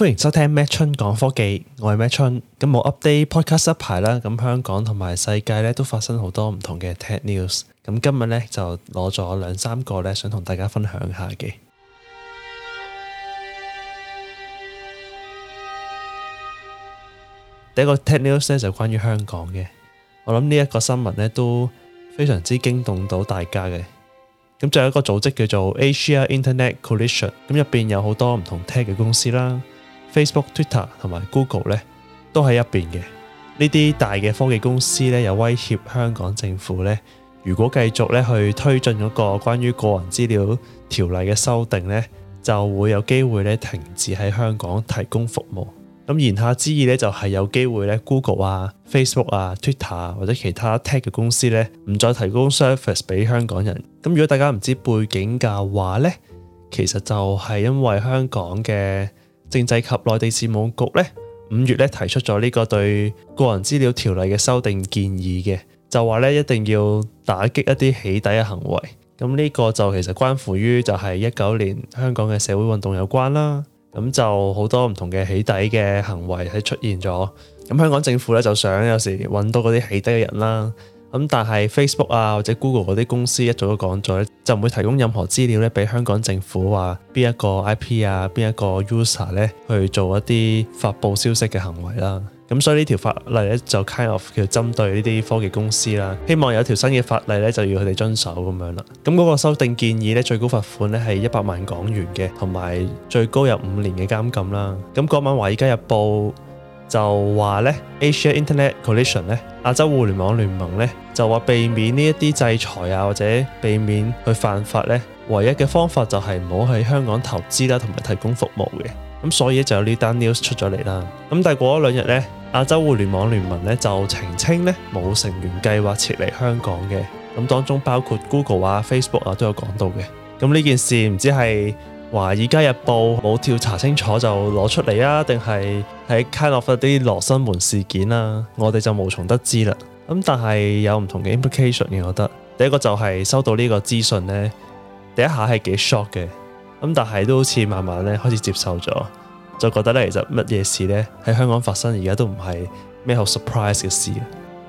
歡迎收聽麥春講科技，我係麥春。咁冇 update podcast 一排啦，咁香港同埋世界咧都發生好多唔同嘅 tech news。咁今日咧就攞咗兩三個咧，想同大家分享下嘅。第一個 tech news 咧就關於香港嘅，我諗呢一個新聞咧都非常之驚動到大家嘅。咁仲有一個組織叫做 Asia Internet Coalition，咁入邊有好多唔同 tech 嘅公司啦。Facebook、Twitter 同埋 Google 咧，都喺一邊嘅呢啲大嘅科技公司咧，有威脅香港政府咧。如果繼續咧去推進嗰個關於個人資料條例嘅修訂咧，就會有機會咧停止喺香港提供服務。咁言下之意咧，就係、是、有機會咧，Google 啊、Facebook 啊、Twitter 啊或者其他 Tech 嘅公司咧，唔再提供 service 俾香港人。咁如果大家唔知背景嘅話咧，其實就係因為香港嘅。政制及內地事務局咧，五月咧提出咗呢個對個人資料條例嘅修訂建議嘅，就話咧一定要打擊一啲起底嘅行為。咁呢個就其實關乎於就係一九年香港嘅社會運動有關啦。咁就好多唔同嘅起底嘅行為係出現咗。咁香港政府咧就想有時揾到嗰啲起底嘅人啦。咁但係 Facebook 啊或者 Google 嗰啲公司一早都講咗，就唔會提供任何資料咧俾香港政府話、啊、邊一個 IP 啊邊一個 user 咧去做一啲發布消息嘅行為啦。咁所以呢條法例咧就 kind of 叫針對呢啲科技公司啦，希望有條新嘅法例咧就要佢哋遵守咁樣啦。咁嗰個修訂建議咧最高罰款咧係一百萬港元嘅，同埋最高有五年嘅監禁啦。咁嗰晚華爾街日報。就話呢 Asia Internet Coalition 呢亞洲互聯網聯盟呢，就話避免呢一啲制裁啊，或者避免去犯法呢，唯一嘅方法就係唔好喺香港投資啦、啊，同埋提供服務嘅。咁所以就有呢單 news 出咗嚟啦。咁但係過咗兩日呢，亞洲互聯網聯盟呢，就澄清呢冇成員計劃撤離香港嘅。咁當中包括 Google 啊、Facebook 啊都有講到嘅。咁呢件事唔知係，《華爾街日報》冇調查清楚就攞出嚟啊？定係喺開洛嗰啲羅生門事件啦？我哋就無從得知啦。咁但係有唔同嘅 implication 嘅，我覺得第一個就係收到呢個資訊呢，第一下係幾 shock 嘅。咁但係都好似慢慢咧開始接受咗，就覺得咧其實乜嘢事呢？喺香港發生而家都唔係咩好 surprise 嘅事。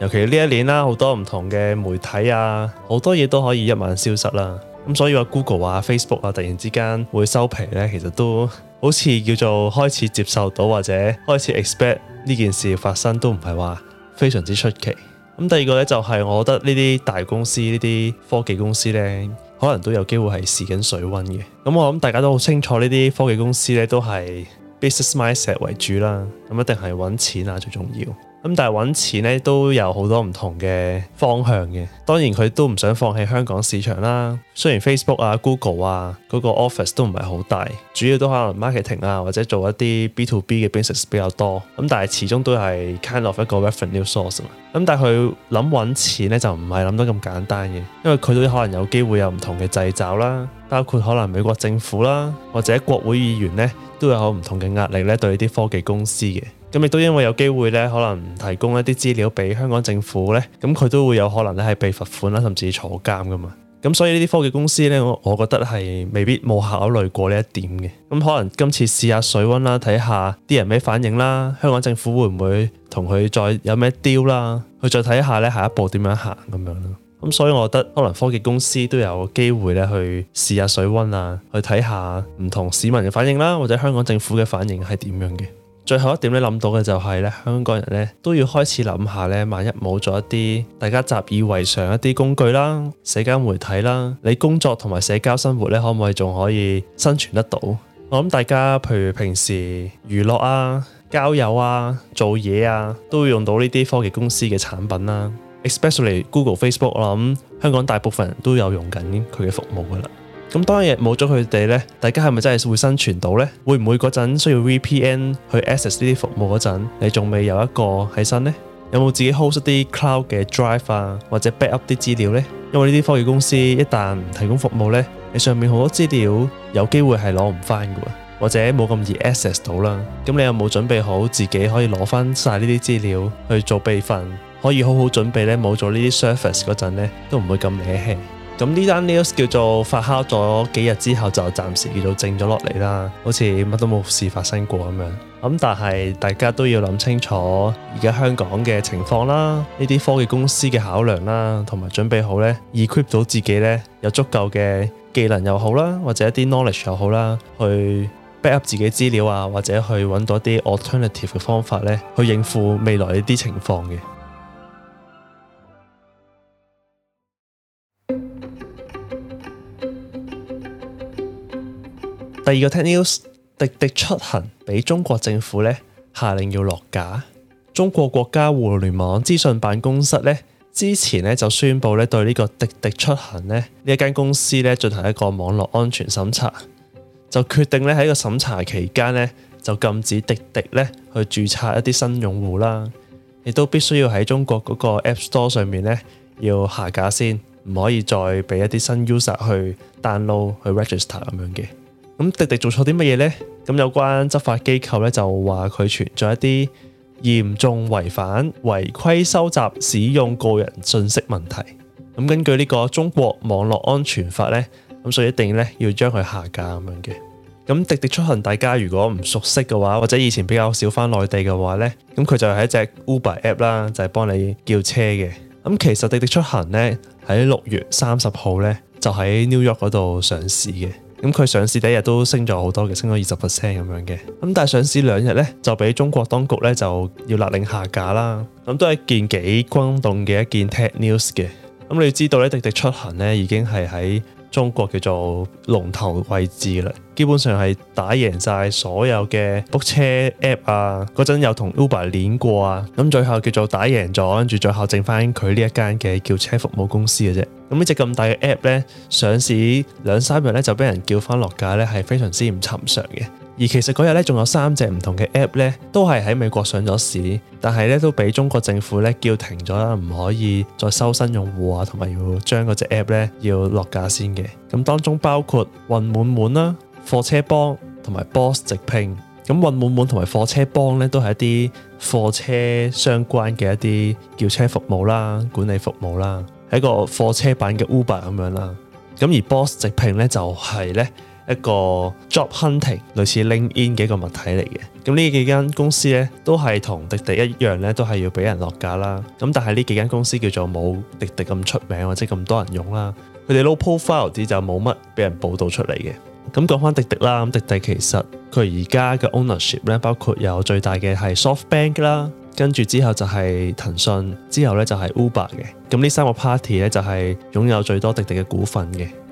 尤其呢一年啦，好多唔同嘅媒體啊，好多嘢都可以一晚消失啦。咁所以話 Google 啊、Facebook 啊突然之間會收皮呢，其實都好似叫做開始接受到或者開始 expect 呢件事發生，都唔係話非常之出奇。咁、嗯、第二個呢，就係、是、我覺得呢啲大公司，呢啲科技公司呢，可能都有機會係試緊水温嘅。咁、嗯、我諗大家都好清楚呢啲科技公司呢，都係 business mindset 為主啦，咁、嗯、一定係揾錢啊最重要。咁但係揾錢咧都有好多唔同嘅方向嘅，當然佢都唔想放棄香港市場啦。雖然 Facebook 啊、Google 啊嗰、那個 Office 都唔係好大，主要都可能 marketing 啊或者做一啲 B to B 嘅 business 比較多。咁但係始終都係 kind of 一個 reference source 咁但係佢諗揾錢咧就唔係諗得咁簡單嘅，因為佢都可能有機會有唔同嘅掣造啦，包括可能美國政府啦或者國會議員咧都有唔同嘅壓力咧對呢啲科技公司嘅。咁亦都因為有機會咧，可能唔提供一啲資料俾香港政府咧，咁佢都會有可能咧係被罰款啦，甚至坐監噶嘛。咁所以呢啲科技公司咧，我我覺得係未必冇考慮過呢一點嘅。咁可能今次試下水溫啦，睇下啲人咩反應啦，香港政府會唔會同佢再有咩 deal 啦？去再睇下咧，下一步點樣行咁樣咯。咁所以我覺得可能科技公司都有機會咧去試下水溫啊，去睇下唔同市民嘅反應啦，或者香港政府嘅反應係點樣嘅。最後一點咧，諗到嘅就係、是、咧，香港人咧都要開始諗下咧，萬一冇咗一啲大家習以為常一啲工具啦、社交媒體啦，你工作同埋社交生活咧，可唔可以仲可以生存得到？我諗大家譬如平時娛樂啊、交友啊、做嘢啊，都會用到呢啲科技公司嘅產品啦，especially Google、Go Facebook，我諗香港大部分人都有用緊佢嘅服務㗎啦。咁當然冇咗佢哋咧，大家係咪真係會生存到咧？會唔會嗰陣需要 VPN 去 access 呢啲服務嗰陣，你仲未有一個喺身咧？有冇自己 host 一啲 cloud 嘅 drive 啊，或者 backup 啲資料咧？因為呢啲科技公司一旦唔提供服務咧，你上面好多資料有機會係攞唔翻嘅，或者冇咁易 access 到啦。咁你有冇準備好自己可以攞翻曬呢啲資料去做備份？可以好好準備咧，冇咗呢啲 service 嗰陣咧，都唔會咁惹氣。咁呢單 news 叫做發酵咗幾日之後，就暫時叫做靜咗落嚟啦，好似乜都冇事發生過咁樣。咁但係大家都要諗清楚而家香港嘅情況啦，呢啲科技公司嘅考量啦，同埋準備好咧，equip 到自己咧有足夠嘅技能又好啦，或者一啲 knowledge 又好啦，去 backup 自己資料啊，或者去揾到一啲 alternative 嘅方法咧，去應付未來呢啲情況嘅。第二個 tech news，滴滴出行俾中國政府咧下令要落架。中國國家互聯網資訊辦公室咧之前咧就宣布咧對呢個滴滴出行咧呢一間公司咧進行一個網絡安全審查，就決定咧喺個審查期間咧就禁止滴滴咧去註冊一啲新用戶啦，亦都必須要喺中國嗰個 App Store 上面咧要下架先，唔可以再俾一啲新 user 去 download、去 register 咁樣嘅。咁滴滴做錯啲乜嘢呢？咁有關執法機構咧就話佢存在一啲嚴重違反違規收集使用個人信息問題。咁根據呢個中國網絡安全法咧，咁所以一定咧要將佢下架咁樣嘅。咁滴滴出行，大家如果唔熟悉嘅話，或者以前比較少翻內地嘅話咧，咁佢就係一隻 Uber app 啦，就係幫你叫車嘅。咁其實滴滴出行咧喺六月三十號咧就喺 New York 嗰度上市嘅。咁佢上市第一日都升咗好多嘅，升咗二十 percent 咁樣嘅。咁但係上市兩日咧，就俾中國當局咧就要勒令下架啦。咁、嗯、都係件幾轟動嘅一件 tech news 嘅。咁、嗯、你要知道咧，滴滴出行咧已經係喺中國叫做龍頭位置啦，基本上係打贏晒所有嘅 book 車 app 啊，嗰陣又同 Uber 攆過啊，咁最後叫做打贏咗，跟住最後剩翻佢呢一間嘅叫車服務公司嘅啫。咁呢隻咁大嘅 app 呢，上市兩三日呢，就俾人叫翻落架呢，係非常之唔尋常嘅。而其實嗰日咧，仲有三隻唔同嘅 app 咧，都係喺美國上咗市，但係咧都俾中國政府咧叫停咗啦，唔可以再收新用戶啊，同埋要將嗰隻 app 咧要落架先嘅。咁當中包括運滿滿啦、貨車幫同埋 Boss 直聘。咁運滿滿同埋貨車幫咧都係一啲貨車相關嘅一啲叫車服務啦、管理服務啦，係一個貨車版嘅 Uber 咁樣啦。咁而 Boss 直聘咧就係咧。一個 job hunting 類似 LinkedIn 嘅一個物體嚟嘅，咁呢幾間公司咧都係同滴滴一樣咧，都係要俾人落架啦。咁但係呢幾間公司叫做冇滴滴咁出名或者咁多人用啦，佢哋 low profile 啲就冇乜俾人報導出嚟嘅。咁講翻滴滴啦，滴滴其實佢而家嘅 ownership 咧，包括有最大嘅係 SoftBank 啦，跟住之後就係騰訊，之後咧就係 Uber 嘅。咁呢三個 party 咧就係擁有最多滴滴嘅股份嘅。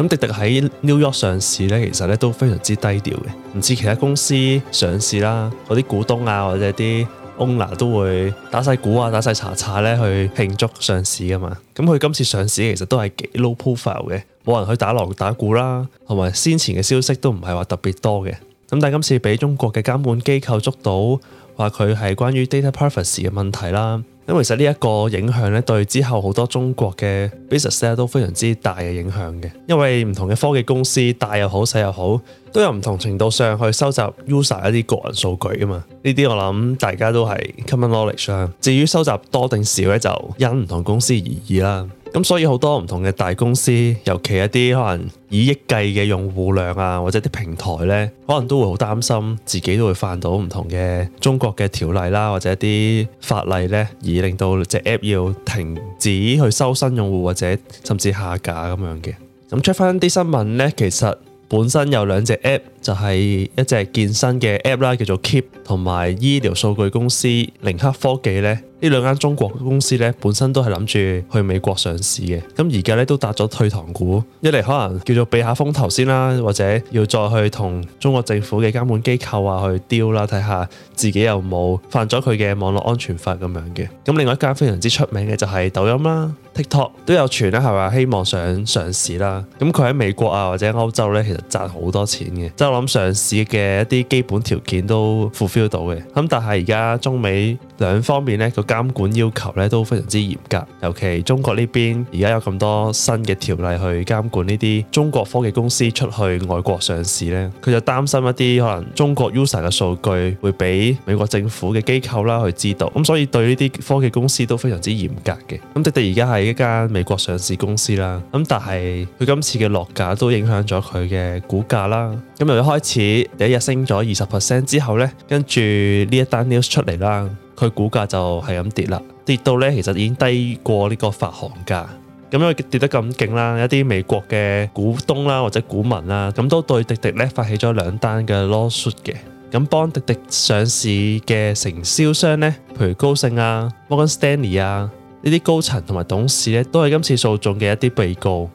咁滴滴喺 New York 上市咧，其實都非常之低調嘅，唔似其他公司上市啦，嗰啲股東啊或者啲 owner 都會打晒鼓啊打晒查查咧去慶祝上市㗎嘛。咁佢今次上市其實都係幾 low profile 嘅，冇人去打鑼打鼓啦，同埋先前嘅消息都唔係話特別多嘅。咁但係今次俾中國嘅監管機構捉到，話佢係關於 data privacy 嘅問題啦。因為其實呢一個影響咧，對之後好多中國嘅 business 都非常之大嘅影響嘅。因為唔同嘅科技公司，大又好，細又好，都有唔同程度上去收集 user 的一啲個人數據噶嘛。呢啲我諗大家都係 common knowledge 啦。至於收集多定少咧，就因唔同公司而異啦。咁所以好多唔同嘅大公司，尤其一啲可能以億計嘅用戶量啊，或者啲平台咧，可能都會好擔心，自己都會犯到唔同嘅中國嘅條例啦，或者啲法例咧，而令到隻 app 要停止去收新用戶或者甚至下架咁樣嘅。咁 check 翻啲新聞咧，其實本身有兩隻 app 就係一隻健身嘅 app 啦，叫做 Keep，同埋醫療數據公司零氪科技咧。呢兩間中國公司咧，本身都係諗住去美國上市嘅，咁而家咧都打咗退堂鼓，一嚟可能叫做避下風頭先啦，或者要再去同中國政府嘅監管機構啊去屌啦，睇下自己有冇犯咗佢嘅網絡安全法咁樣嘅。咁另外一間非常之出名嘅就係抖音啦、TikTok 都有傳啦，係咪希望想上市啦。咁佢喺美國啊或者歐洲咧，其實賺好多錢嘅，即係我諗上市嘅一啲基本條件都 fulfill 到嘅。咁但係而家中美兩方面咧個監管要求咧都非常之嚴格，尤其中國呢邊而家有咁多新嘅條例去監管呢啲中國科技公司出去外國上市咧，佢就擔心一啲可能中國 user 嘅數據會俾美國政府嘅機構啦去知道，咁所以對呢啲科技公司都非常之嚴格嘅。咁滴滴而家係一間美國上市公司啦，咁但係佢今次嘅落架都影響咗佢嘅股價啦。咁由一開始第一日升咗二十 percent 之後咧，跟住呢一單 news 出嚟啦。佢股價就係咁跌啦，跌到咧其實已經低過呢個發行價。咁因為跌得咁勁啦，一啲美國嘅股東啦或者股民啦，咁都對滴滴咧發起咗兩單嘅 lawsuit 嘅。咁幫滴滴上市嘅承銷商咧，譬如高盛啊、摩根 Stanley 啊呢啲高層同埋董事咧，都係今次訴訟嘅一啲被告。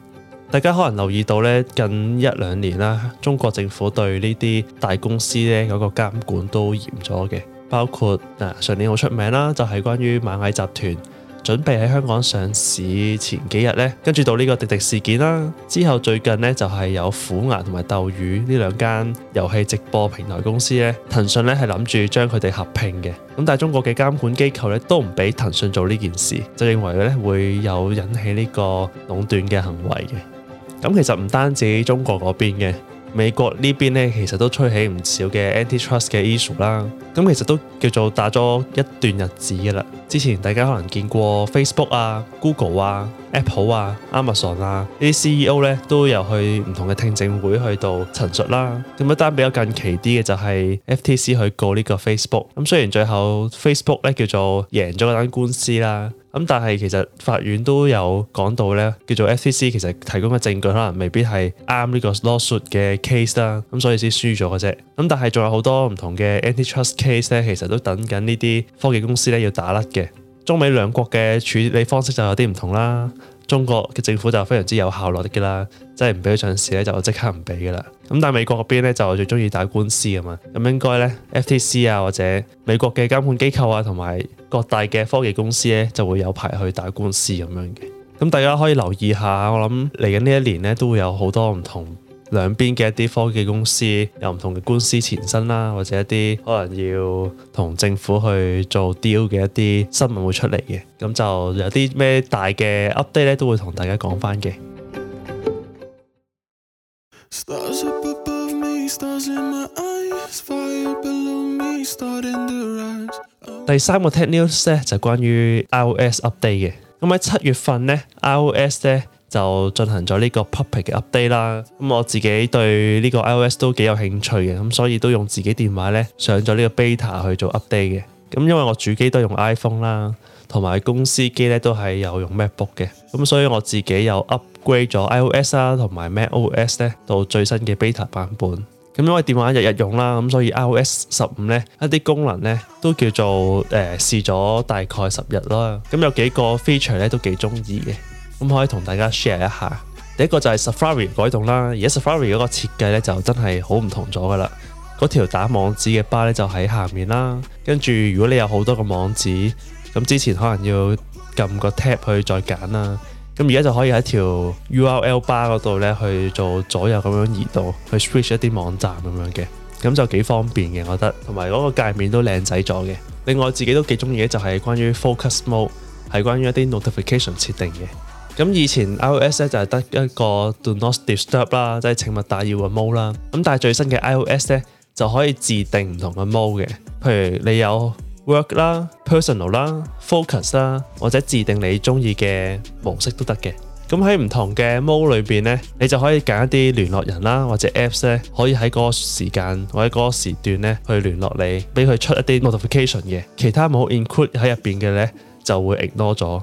大家可能留意到咧，近一兩年啦，中國政府對呢啲大公司咧嗰個監管都嚴咗嘅。包括嗱、啊、上年好出名啦，就係、是、關於螞蟻集團準備喺香港上市前幾日咧，跟住到呢個滴滴事件啦。之後最近呢，就係有虎牙同埋鬥魚呢兩間遊戲直播平台公司咧，騰訊咧係諗住將佢哋合併嘅。咁但係中國嘅監管機構咧都唔俾騰訊做呢件事，就認為咧會有引起呢個壟斷嘅行為嘅。咁其實唔單止中國嗰邊嘅。美國呢邊呢，其實都吹起唔少嘅 anti-trust 嘅 issue 啦，咁其實都叫做打咗一段日子嘅啦。之前大家可能見過 Facebook 啊、Google 啊。Apple 啊、Amazon 啊，呢啲 CEO 咧都有去唔同嘅聽證會去到陳述啦。咁一單比較近期啲嘅就係 FTC 去告呢個 Facebook。咁雖然最後 Facebook 咧叫做贏咗嗰單官司啦，咁但係其實法院都有講到咧，叫做 FTC 其實提供嘅證據可能未必係啱呢個 lawsuit 嘅 case 啦，咁所以先輸咗嘅啫。咁但係仲有好多唔同嘅 antitrust case 咧，其實都等緊呢啲科技公司咧要打甩嘅。中美兩國嘅處理方式就有啲唔同啦。中國嘅政府就非常之有效率嘅啦，即係唔俾佢上市咧，就即刻唔俾噶啦。咁但係美國嗰邊咧就最中意打官司咁嘛。咁應該咧，FTC 啊或者美國嘅監管機構啊同埋各大嘅科技公司咧就會有排去打官司咁樣嘅。咁大家可以留意下，我諗嚟緊呢一年咧都會有好多唔同，兩邊嘅一啲科技公司，有唔同嘅官司前身啦，或者一啲可能要同政府去做 deal 嘅一啲新聞會出嚟嘅，咁就有啲咩大嘅 update 咧，都會同大家講翻嘅。 第三個 Tech News i 咧就是、關於 iOS update 嘅，咁喺七月份咧 iOS 咧。就進行咗呢個 public 嘅 update 啦。咁我自己對呢個 iOS 都幾有興趣嘅，咁所以都用自己電話咧上咗呢個 beta 去做 update 嘅。咁因為我主機都用 iPhone 啦，同埋公司機咧都係有用 MacBook 嘅，咁所以我自己又 upgrade 咗 iOS 啊同埋 macOS 咧到最新嘅 beta 版本。咁因為電話日日用啦，咁所以 iOS 十五咧一啲功能咧都叫做誒試咗大概十日啦。咁有幾個 feature 咧都幾中意嘅。咁可以同大家 share 一下。第一個就係 Safari 改動啦，而家 Safari 嗰個設計咧就真係好唔同咗噶啦。嗰條打網址嘅巴咧就喺下面啦。跟住如果你有好多個網址，咁之前可能要撳個 tab 去再揀啦。咁而家就可以喺條 URL 巴嗰度咧去做左右咁樣移動去 switch 一啲網站咁樣嘅，咁就幾方便嘅，我覺得。同埋嗰個界面都靚仔咗嘅。另外自己都幾中意嘅就係關於 Focus Mode，係關於一啲 notification 設定嘅。咁以前 iOS 咧就係得一個 Do Not Disturb 啦，即係請勿打擾嘅 mode 啦。咁但係最新嘅 iOS 咧就可以自定唔同嘅 mode 嘅，譬如你有 work 啦、personal 啦、focus 啦，或者自定你中意嘅模式都得嘅。咁喺唔同嘅 mode 裏邊咧，你就可以揀一啲聯絡人啦，或者 apps 咧，可以喺嗰個時間或者嗰個時段咧去聯絡你，俾佢出一啲 notification 嘅。其他冇 include 喺入邊嘅咧就會 ignore 咗。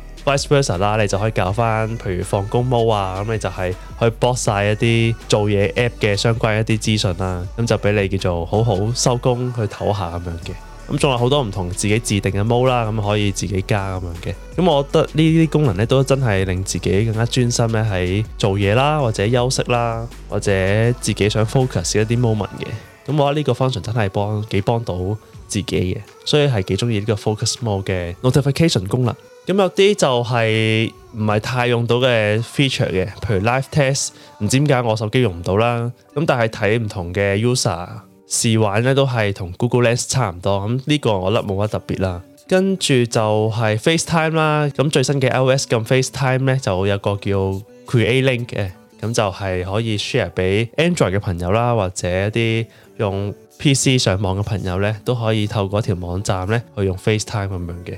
vice versa 啦，你就可以搞翻，譬如放工模啊，咁你就係去博晒一啲做嘢 app 嘅相關一啲資訊啦，咁就俾你叫做好好收工去唞下咁樣嘅。咁仲有好多唔同自己自定嘅模啦，咁可以自己加咁樣嘅。咁我覺得呢啲功能咧都真係令自己更加專心咧喺做嘢啦，或者休息啦，或者自己想 focus 一啲 moment 嘅。咁我覺得呢個 function 真係幫幾幫到自己嘅，所以係幾中意呢個 focus 模嘅 notification 功能。咁有啲就係唔係太用到嘅 feature 嘅，譬如 Live Test，唔知點解我手機用唔到啦。咁但係睇唔同嘅 user 試玩咧，都係同 Google Lens 差唔多。咁呢個我覺得冇乜特別啦。跟住就係 FaceTime 啦。咁最新嘅 iOS 咁 FaceTime 咧，就有個叫 Create Link 嘅，咁就係可以 share 俾 Android 嘅朋友啦，或者一啲用 PC 上網嘅朋友咧，都可以透過一條網站咧去用 FaceTime 咁樣嘅。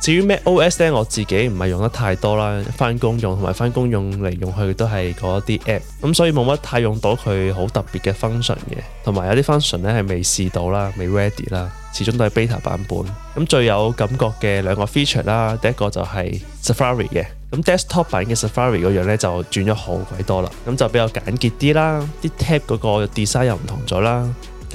至於 Mac OS 咧，我自己唔係用得太多啦，返工用同埋返工用嚟用去都係嗰啲 app，咁所以冇乜太用到佢好特別嘅 function 嘅，同埋有啲 function 咧係未試到啦，未 ready 啦，始終都係 beta 版本。咁最有感覺嘅兩個 feature 啦，第一個就係 Safari 嘅，咁 desktop 版嘅 Safari 嗰樣咧就轉咗好鬼多啦，咁就比較簡潔啲啦，啲 tab 嗰個 design 又唔同咗啦。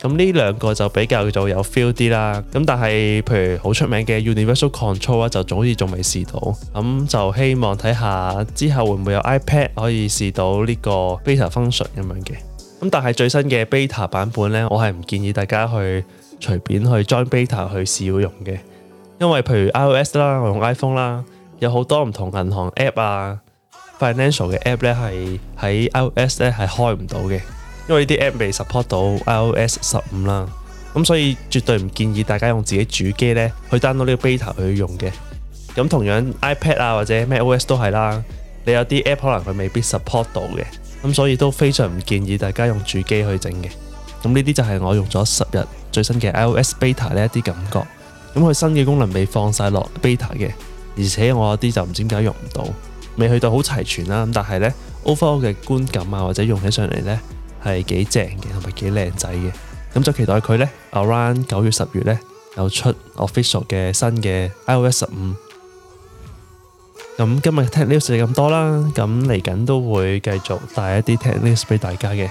咁呢兩個就比較做有 feel 啲啦，咁但係譬如好出名嘅 Universal Control 就好似仲未試到，咁就希望睇下之後會唔會有 iPad 可以試到呢個 Beta Function 咁樣嘅。咁但係最新嘅 Beta 版本呢，我係唔建議大家去隨便去裝 Beta 去試用嘅，因為譬如 iOS 啦，我用 iPhone 啦，有好多唔同銀行 App 啊、financial 嘅 App 呢係喺 iOS 呢係開唔到嘅。因為啲 app 未 support 到 iOS 十五啦，咁所以絕對唔建議大家用自己主機呢去 download 呢個 beta 去用嘅。咁同樣 iPad 啊或者咩 OS 都係啦，你有啲 app 可能佢未必 support 到嘅，咁所以都非常唔建議大家用主機去整嘅。咁呢啲就係我用咗十日最新嘅 iOS beta 呢一啲感覺。咁佢新嘅功能未放晒落 beta 嘅，而且我有啲就唔知點解用唔到，未去到好齊全啦。咁但係呢 overall 嘅觀感啊或者用起上嚟呢。係幾正嘅，同埋幾靚仔嘅。咁就期待佢呢，around 九月十月呢，有出 official 嘅新嘅 iOS 十五。咁今日嘅 tech news 就咁多啦，咁嚟緊都會繼續帶一啲 tech news 俾大家嘅。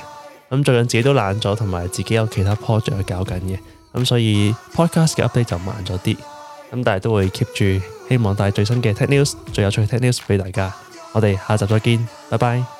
咁最近自己都懶咗，同埋自己有其他 project 去搞緊嘅，咁所以 podcast 嘅 update 就慢咗啲。咁但係都會 keep 住希望帶最新嘅 tech news，最有趣嘅 tech news 俾大家。我哋下集再見，拜拜。